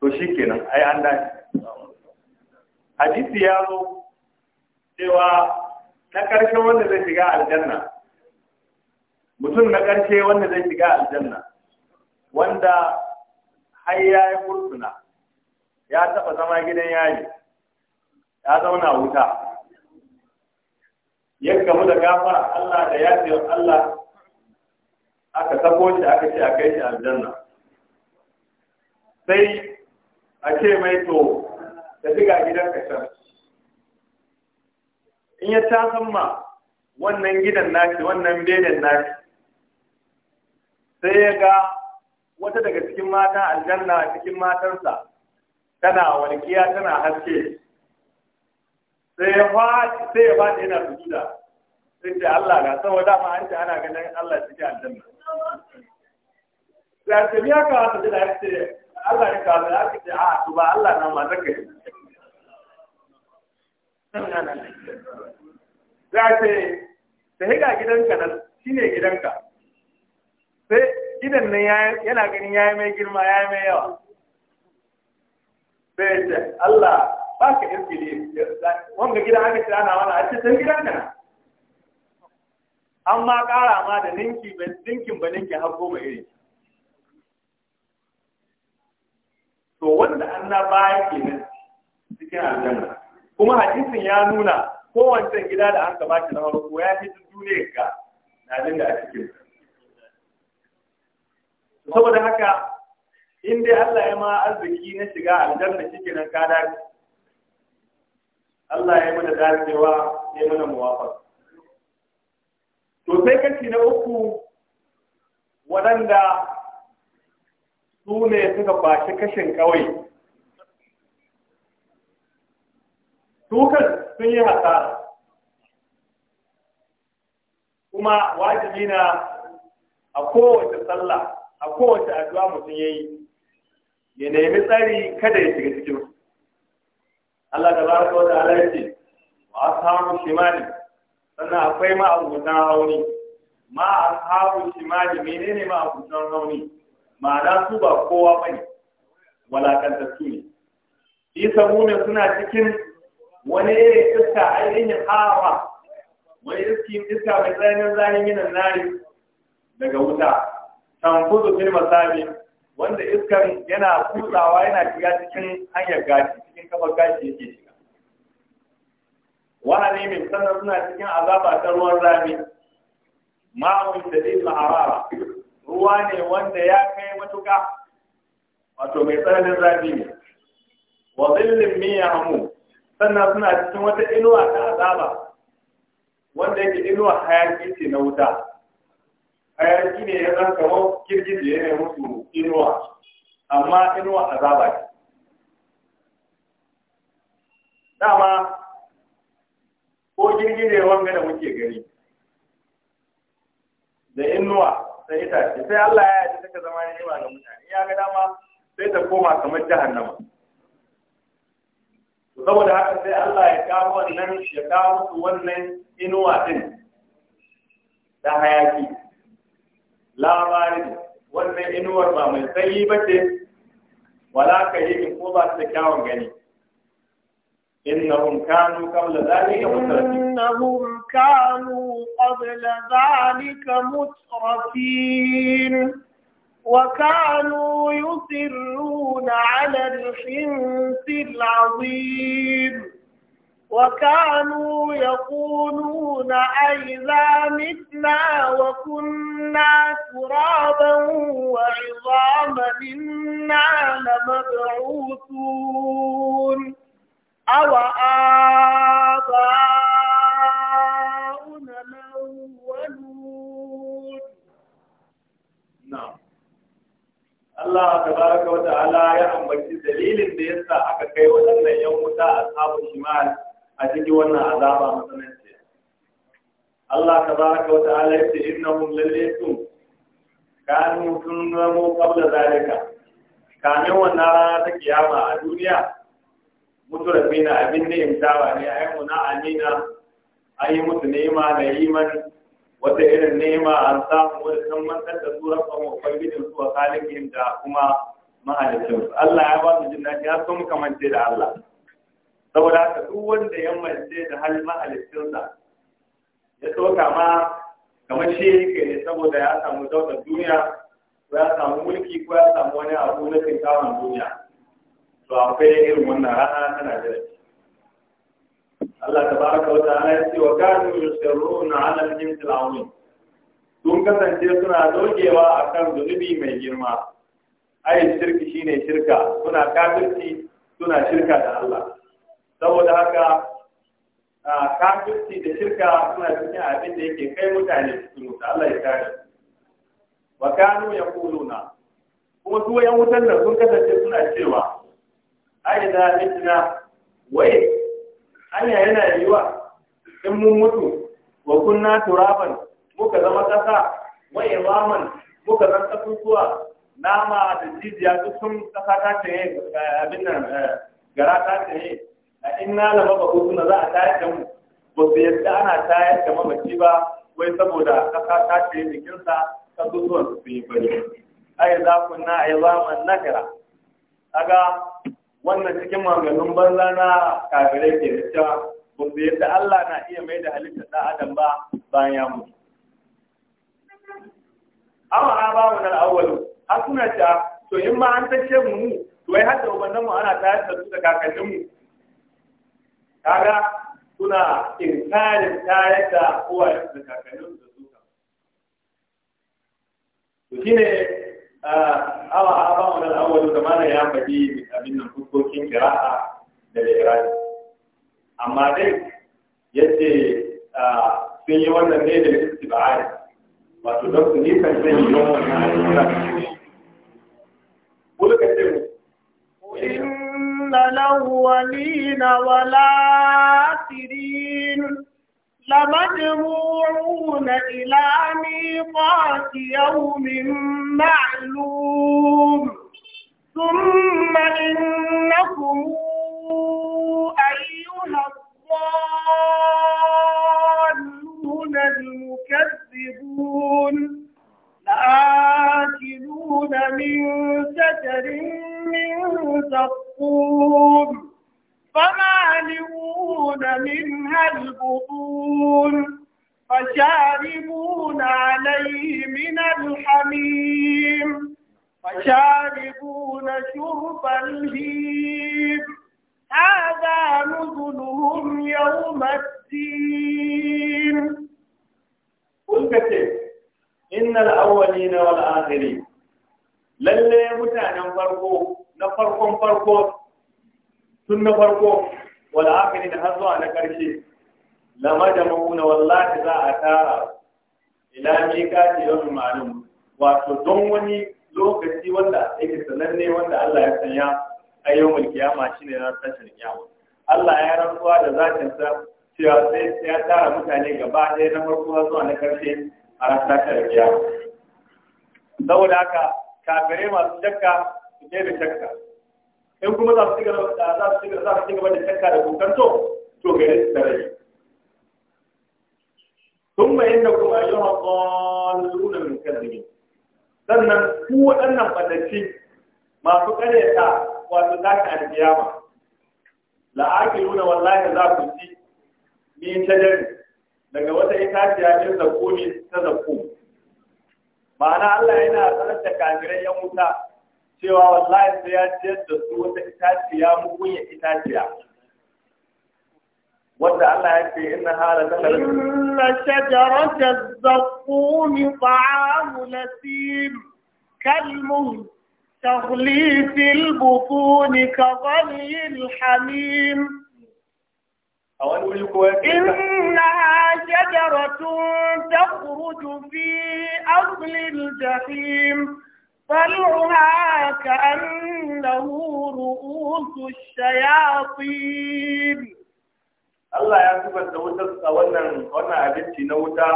to shi kenan ai an dace hadisi ya zo cewa na ƙarshe wanda zai shiga aljanna mutum na ƙarshe wanda zai shiga aljanna wanda har ya yi kursuna ya taɓa zama gidan yaji ya zauna wuta ya gamu da gafa Allah da yafiyar Allah aka sako shi aka ce a kai shi aljanna sai a ce mai to ka shiga gidan ka in ya tasan ma wannan gidan nashi wannan benen nashi sai ya ga wata daga cikin mata aljanna cikin matarsa tana walƙiya tana haske sai ya faɗi sai ya faɗi yana sujuda sai ce Allah na. saboda ma an ce ana ganin Allah cikin aljanna sai ce ya kawo da ya ce Allah ya kawo da ya ce a to ba Allah na ma zaka yi za a ce da higa gidanka nan shi ne gidanka sai gidan nan yana ganin ya yi mai girma ya yi mai yawa sai ce Allah ba ka irki ne wanga gidan aka ce ana wani a ce san gidanka na an ma ƙara ma da ninki ninkin ba ninkin har goma iri to wanda an na baya kenan cikin aljanna kuma hadisin ya nuna kowace gida da an gaba shi na farko ya fi duniyar ga abin da a cikin saboda haka in dai Allah ya ma arziki na shiga aljanna shike nan ka dace Allah ya mana dacewa ya mana muwafaqa to sai kashi na uku waɗanda su ne suka bashi kashin kawai dukan sun yi hasara kuma wajibi na a kowace sallah a kowace addu'a mutum ya yi ya nemi tsari kada ya shiga cikin Allah da baraka wa ta'ala ya ce wa ashabu shimali sannan akwai ma abutan hauni ma ashabu shimali menene ma rauni hauni da su ba kowa bane walakantattu ne isa ne suna cikin wani irin iska ainihin hawa wani iski iska mai tsananin zanen yinan nari daga wuta kuzo fil masabi wanda iskan yana kutsawa yana shiga cikin hanyar gashi cikin kafar gashi yake shiga ne mai sannan suna cikin azaba ta ruwan rami ma'amun da zai ma'arara ruwa ne wanda ya kai matuka wato mai tsananin rami ne wa zillin miya hamu sannan suna cikin wata inuwa ta azaba wanda yake inuwa hayaki ce na wuta hayaki ne ya zan kamar kirgin ya yanayi musu inuwa amma inuwa azaba ce dama ko ne wanga da muke gari da inuwa sai itace sai Allah ya yi ta zama ne ba ga mutane ya ga dama sai ta koma kamar jahannama saboda haka sai Allah ya kawo wannan ya kawo su wannan inuwa din da hayaki labarin wannan inuwar ba mai sanyi ba ce wala ka yi ko ba su da kyawun gani innahum kanu qabla zalika mutrafin innahum kanu qabla zalika mutrafin وكانوا يصرون على الحنث العظيم وكانوا يقولون أئذا متنا وكنا ترابا وعظاما إنا لمبعوثون أو آباؤنا Allah tabaraka wa ta'ala ya ambaci dalilin da yasa aka kai wannan yan wuta a sabon shimal a cikin wannan azaba matsananci Allah tabaraka wa ta'ala yace innahum lalaytu kanu tunzamu qabla zalika kamin wannan rana ta kiyama a duniya mutura bina abin ne imtawa ne ayyuna amina ayi mutu ni'ima da iman wata irin nema an samu wani kan mantar da su rabban ubangijin su a kalibin da kuma mahalicin Allah ya ba su jin daɗi ya sun kamance da Allah saboda haka duk wanda ya mance da hal mahalicin sa ya ɗauka ma kamar shi yake ne saboda ya samu daular duniya ko ya samu mulki ko ya samu wani abu na kinkawan duniya to akwai irin wannan rana tana da Allah tabaraka wa ta'ala ya ce wa kanu yusirruna 'ala al-jinsi al-'azim sun kasance suna dogewa akan zunubi mai girma ai shirki shine shirka suna kafirci suna shirka da Allah saboda haka kafirci da shirka suna cikin abin da yake kai mutane cikin wuta Allah ya kare wa kanu yaquluna kuma su wayan wutan nan sun kasance suna cewa ai da mitna wa hanya yana yiwa in mun mutu wa kunna turaban muka zama kasa wa imaman muka zan kasusuwa nama da jijiya duk sun kasa ta ce abin nan eh, gara ta ce a inna la maba na za a tayar da mu ba su yadda ana tayar da mamaci ba wai saboda kasa ta ce jikinsa kasusuwan su yi bari ai za kunna imaman nakira kaga wannan cikin maganin banza na kafire ke da cewa ba su yadda Allah na iya mai da halitta ɗan adam ba bayan ya mutu. Amma a ba wannan awwalu har ta to in ma an tashe mu mu to ai hadda ubannin mu ana tayar da su da kakannin mu. Kaga suna inkarin tayar da uwayen da kakannin su da su. To shine awa a ba wannan awwalu da mana ya faɗi abin nan fuskokin kira'a da irabi amma dai yadda sun yi wannan ne da ba istibari wato don su ne kan sanya yawan wannan ayyuka kulka ce inna lawwalina wala tirin لمجموعون إلى ميقات يوم معلوم ثم إنكم أيها الضالون المكذبون لآكلون من شجر من زقوم فمالئون منها البطون فشاربون عليه من الحميم فشاربون شرب الهيم هذا نزلهم يوم الدين إن الأولين والآخرين lalle mutanen farko na farkon tun na farko ne akhirin har zuwa na karshe lama da mauna wallahi za a tara ila ce yau ma'lum wato don wani lokaci wanda yake sananne wanda Allah ya sanya a ma shi ne na tashin kiyama Allah ya rantsuwa da zatin sa cewa sai ya tara mutane gaba ɗaya na farko zuwa na ƙarshe a ran tashin saboda haka kafirai masu shakka su da shakka in kuma za su ci gaba za su ci gaba za su ci gaba da shakka da kokanto to gare su da rai ثم إنكم أيها الضالون من كذبين sannan ku waɗannan fatacci masu ta, wato za ka alkiyama la'akilu na wallahi za ku ci ni ta dare daga wata itaciya ɗin zakko ta zakko ma'ana Allah yana sanar da kafirai yan wuta cewa wallahi sai ya ciyar da su wata itaciya mugunya itaciya wanda Allah ya ce inna hala ta kare inna shajarata zaqqum ta'amu nasim kalmuh تغلي في البطون كغلي الحميم إنها شجرة تخرج في أصل الجحيم طلعها كأنه رؤوس الشياطين Allah ya zubar da wutar a wannan wannan abinci na wuta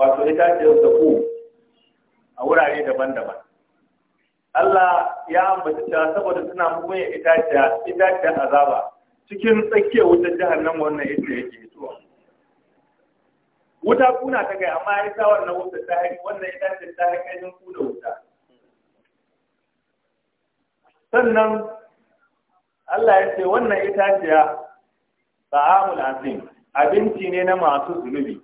wato itaciyar zaku a wurare daban-daban. Allah ya ambaci ta saboda suna mugun itaciya itaciyar azaba cikin tsakiyar wutar jahannama wannan ita yake zuwa. Wuta kuna ta kai amma ita wannan wuta ta wannan itaciyar ta kai da wuta. sannan Allah ya ce wannan itaciya ta'amul azim abinci ne na masu zunubi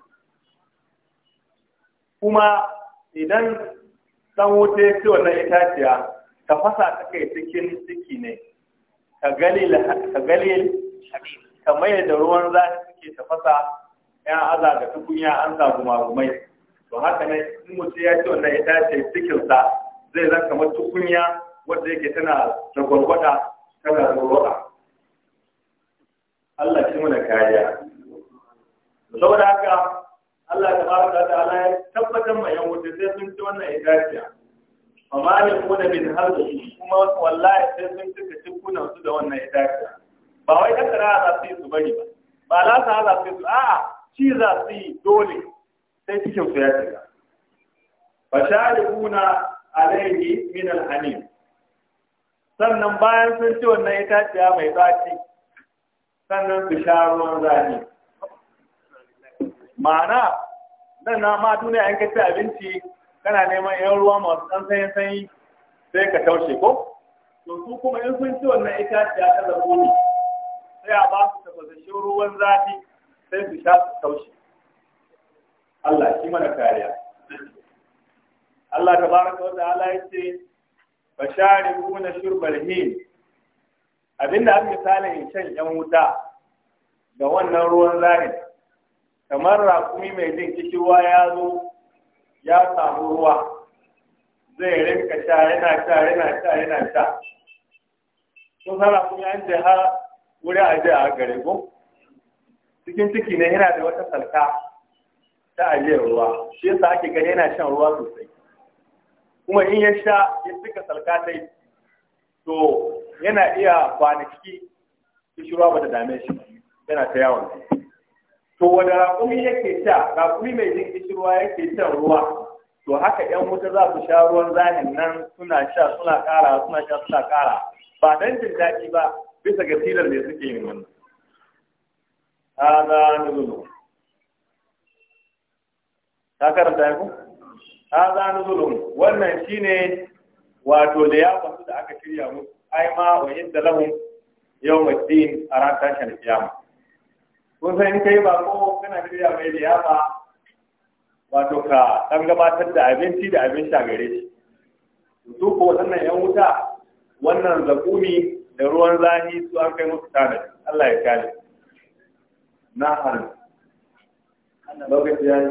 kuma idan san wuce ce wannan itaciya ka fasa ta kai cikin ciki ne ka galil ka da ruwan zafi ta tafasa yan aza da tukunya an sa gumagumai to haka ne in mutum ya ce wannan itace cikinsa zai zan kamar tukunya wadda yake tana da gwargwada tana da Allah shi muna kariya saboda haka Allah ta baraka ta Allah ya tabbatar mai yan wuce sai sun ci wannan itaciya amma ne kuna bin har da shi kuma wallahi sai sun cika cikunan su da wannan itaciya ba wai da tsara a su yi su bari ba ba la sa za su yi su a'a ci za su yi dole sai cikin su ya cika fa sharibuna alaihi min alhamin sannan bayan sun ci wannan itaciya mai zafi sannan su sha ruwan zafi ma'ana nan na ma duniya an kace abinci kana neman yan ruwa masu ɗan sanyi sanyi sai ka taushe ko to su kuma in sun ci wannan itaciya ta zabuni sai a ba su tafasashen ruwan zafi sai su sha su taushe Allah shi mana kariya Allah ta tabaraka wa ta'ala yace kuna shurbal hin abinda aka misalin shan yan wuta da wannan ruwan zari kamar rakumi mai jin kishiwa ya zo ya samu ruwa zai rinka sha yana sha yana sha yana sha sun san kuma an je har wuri a je a gare ko cikin ciki ne yana da wata salka ta ajiyar ruwa shi yasa ake gani yana shan ruwa sosai kuma in ya sha ya cika salkatai to yana iya kwanaki kishirwa ba da dame shi yana ta yawon to wanda raƙumi yake sha raƙumi mai jin kishirwa yake shan ruwa to haka yan wuta za su sha ruwan zahin nan suna sha suna ƙara suna sha suna ƙara ba dan jin daɗi ba bisa ga tilar da suke yin wannan هذا karanta ذكرت يا haza nuzulun wannan shine wato da ya kwasu da aka shirya musu ai ma wa yadda lahum mai din a ran tashin kiyama kun san kai ba ko kana shirya mai liyafa wato ka dan gabatar da abinci da abin sha gare shi su ko wannan yan wuta wannan zakumi da ruwan zahi su an kai musu tanadi Allah ya kare na harin lokaci ya yi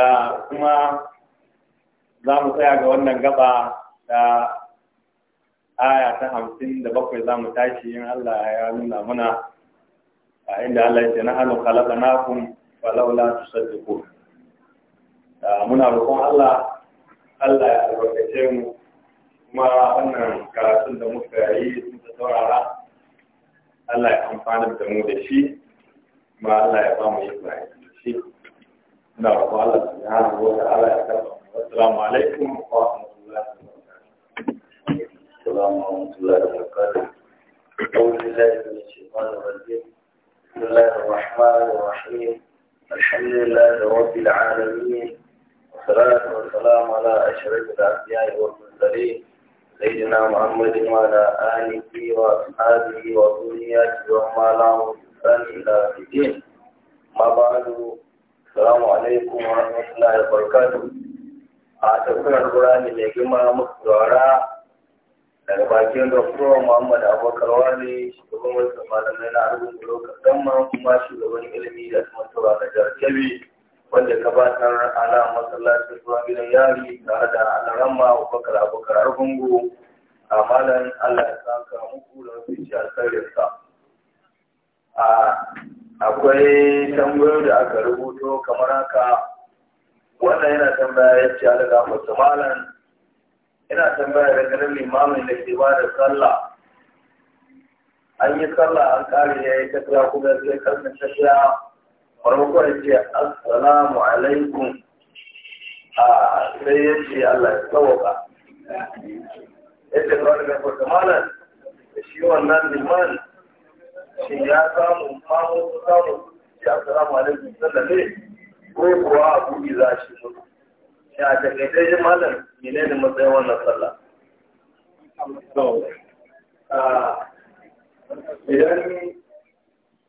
Da kuma za mu tsaya ga wannan gaba da aya ta hamsin da bakwai za mu tashi yin Allah ya nuna muna a inda Allah ya ce na hannu kalaka na kun falaula su da muna roƙon Allah Allah ya albarkace mu kuma wannan karatun da muka yi sun ta saurara Allah ya amfana da mu da shi kuma Allah ya ba mu yi shi ina roƙon Allah subhanahu wa ta'ala ورحمة الله assalamu alaikum wa rahmatullahi wa barakatuh assalamu alaikum من الشيطان الرجيم بسم الله الرحمن الرحيم الحمد لله رب العالمين والصلاة والسلام على أشرف الأنبياء والمرسلين سيدنا محمد وعلى آله وأصحابه وذريته ومن والاه إلى الدين ما بعد Salamu alaikum wa rahmatullahi wa barakatuh. A tafsirar ne mai girma muku dora daga bakin Dr. Muhammadu Abubakar Wani shugaban wasu malamai na arzikin lokacin ma kuma shugaban ilimi da tumatura na jihar Kebbi wanda gabatar ala masallacin zuwa gidan yari tare da alaramma Abubakar Abubakar Argungu a malam Allah ya saka muku da wasu shi alkhairinsa. akwai tambayoyi da aka rubuto kamar haka wannan yana tambaya ya ce ala gafarta malan yana tambaya da ganin limamin da ke ba da sallah an yi sallah an kare ya yi tafiya kuma sai karni tafiya farko ya ce assalamu alaikum a sai ya ce allah ya tsawaka ya ce kawai da gafarta malam da shi wannan limamin shi ya samu mamu samu shi assalamu alaikum sallame ko kuwa a buɗi za shi mutu shi a takaitai shi malam mene ne matsayin wannan sallah idan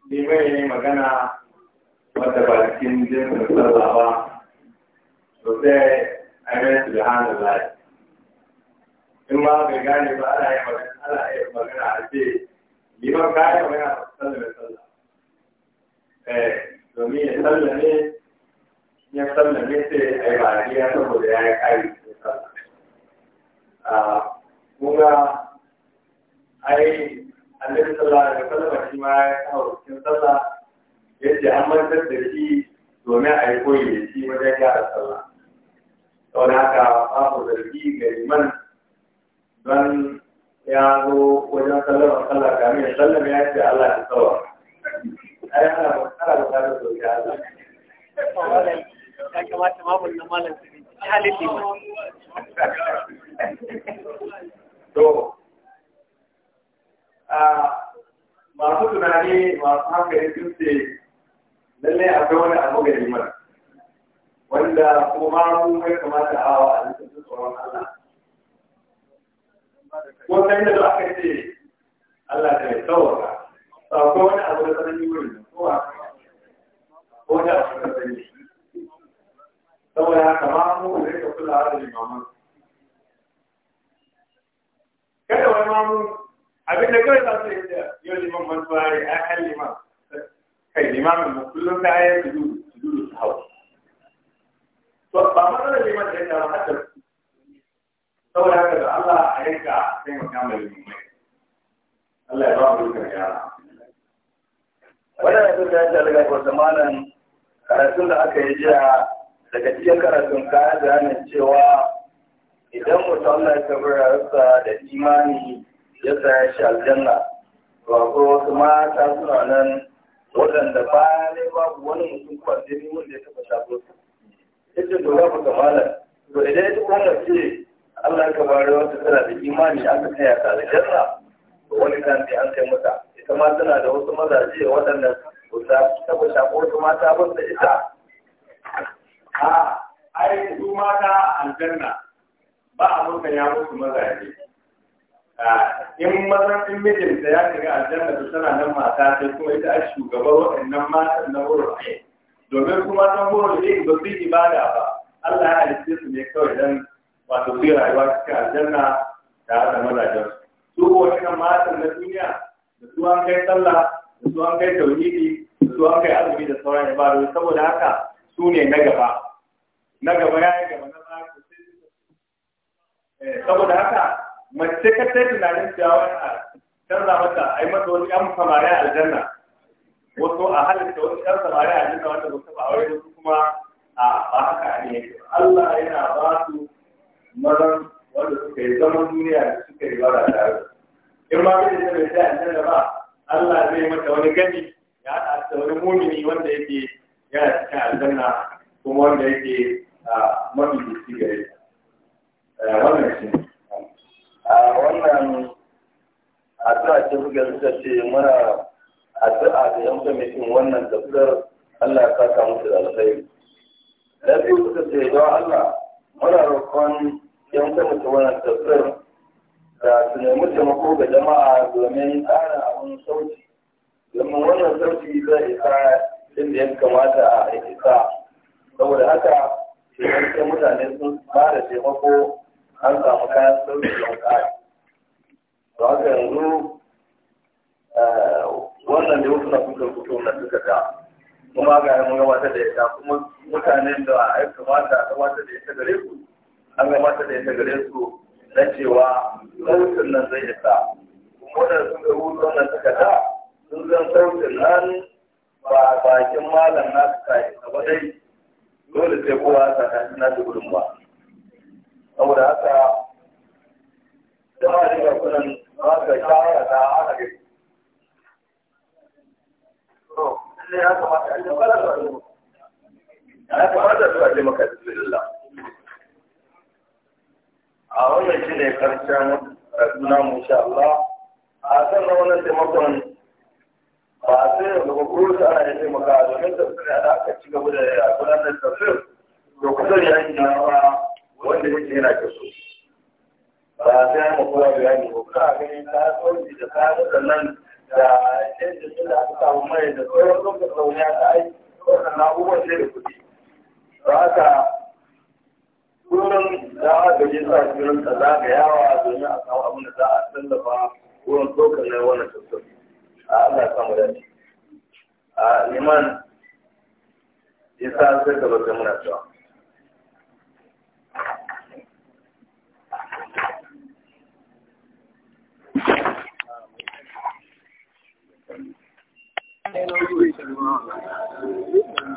ni mai yi magana wadda ba cikin jinsin sallah ba to sai a yi su da hannun in ma bai gane ba ana yi magana a ce liman kaya ba yana sallame sallah eh domin ya sallame ya sallame sai a yi bariya saboda ya yi kari da sallah kuma ah, ai annabi sallallahu alaihi wasallam shi ma ya kawo cikin sallah yace an mantar da shi domin a yi koyi da shi wajen gyara sallah saboda haka babu zargi ga liman don ya zo wajen sallama sallah kamin ya sallama ya ce Allah ya tsawa ai ana ana bukatar da ya Allah ya kamata ma mun malam su ji halitti ma to masu tunani masu hankali sun ce lallai akwai wani abu ga liman wanda kuma mu ya kamata a wa a cikin tsoron Allah wata yadda da aka ce Allah ta yi tsawaka ba ko wani abu da tsanani wurin ko a ko wani abu da tsanani saboda haka ma mu da ka kula da limaman kada wani mamu abin da kawai za su yi da yau liman mantuwa ya ai har liman kai limamin mu kullum ta yi su dudu su dudu su hau to ba ma da liman da ya tara hatta saboda haka da Allah a yanka sai mu kama limai Allah ya ba mu dukkan yara wannan yanzu da ya daga wata malam karatun da aka yi jiya daga cikin karatun kaya bayanin cewa idan mutum Allah ya tabbata da imani ya tsaya shi aljanna to akwai wasu mata suna nan waɗanda ba ne babu wani mutum kwanci ne wanda ya taɓa shafo su. Ita da babu kamalan. To idan ita kuma ce Allah ka bare wata tana da imani aka kaya ta da jarra wani kan sai an kai mata ita ma tana da wasu mazaje waɗanda ba taɓa shaƙo wasu mata ba da ita. A ai su mata aljanna ba a mutu ya musu mazaje. In mazan in mijinta ya shiga aljanna da tana nan mata sai kuma ita a shugaban waɗannan matan na wurin domin kuma san wurin ba su yi ibada ba Allah ya halitta su ne kawai dan wato su rayuwa cikin aljanna tare da mazajen su nan matan na duniya da su an kai sallah da su an kai tauhidi da su an kai azumi da sauran ibadu saboda haka su ne na gaba na gaba ya yi gaba na baya eh, saboda haka mace ka sai tunanin cewa wani a canza mata a yi mata wani yan samari a aljanna wasu a halitta wani yan samari a aljanna wanda ba su ba aure wasu kuma a ba haka ne Allah yana ba su mazan wanda suka yi zaman duniya da suka yi bara tare in ma bai da bai sai da ba Allah zai mata wani gani ya haɗa da wani mumini wanda yake yana cikin aljanna kuma wanda yake mafi jiki gare ta eh, wannan shi wannan addu'a ce buga suka ce muna addu'a da yan kwamitin wannan tafiyar Allah ya saka musu da alkhairi na suka ce don Allah muna roƙon yan kuma su wani tafsir da su nemi taimako ga jama'a domin tsara abin sauti domin wannan sauti zai isa inda ya kamata a isa saboda haka sai mutane sun fara taimako an samu kayan sauti don ƙari to haka yanzu eh, wannan da wasu na kuka fito na suka ta kuma ga mun gabatar da ita kuma mutanen da a kamata a gabatar da ita gare su an gabatar da ita gare su na cewa sautin nan zai isa kuma da sun ga hutun nan suka da sun san sautin nan ba bakin malam na su ka isa ba dai dole sai kowa ta kashi na su gudun ba saboda haka jama'a da ga kunan ba ka shawara ta aka gari ya kamata a jama'a da zuwa ya a wannan ne Allah a san taimakon ba sai taimaka domin aka ci gaba da gudanar tafsir to kusan yayin wanda yana kaso ba sai mu kowa bayani ko ka ganin kasuwanci da da nan da yadda su da aka samu mai da tsohon lokacin zaune ta aiki wannan abubuwan sai da kuɗi ba haka kullum za a gaji sa kiran ta zagayawa domin a samu abin da za a tallafa wurin ɗaukar na wannan sassan a Allah ya samu dace a liman isa sai gaba sai muna cewa Thank you.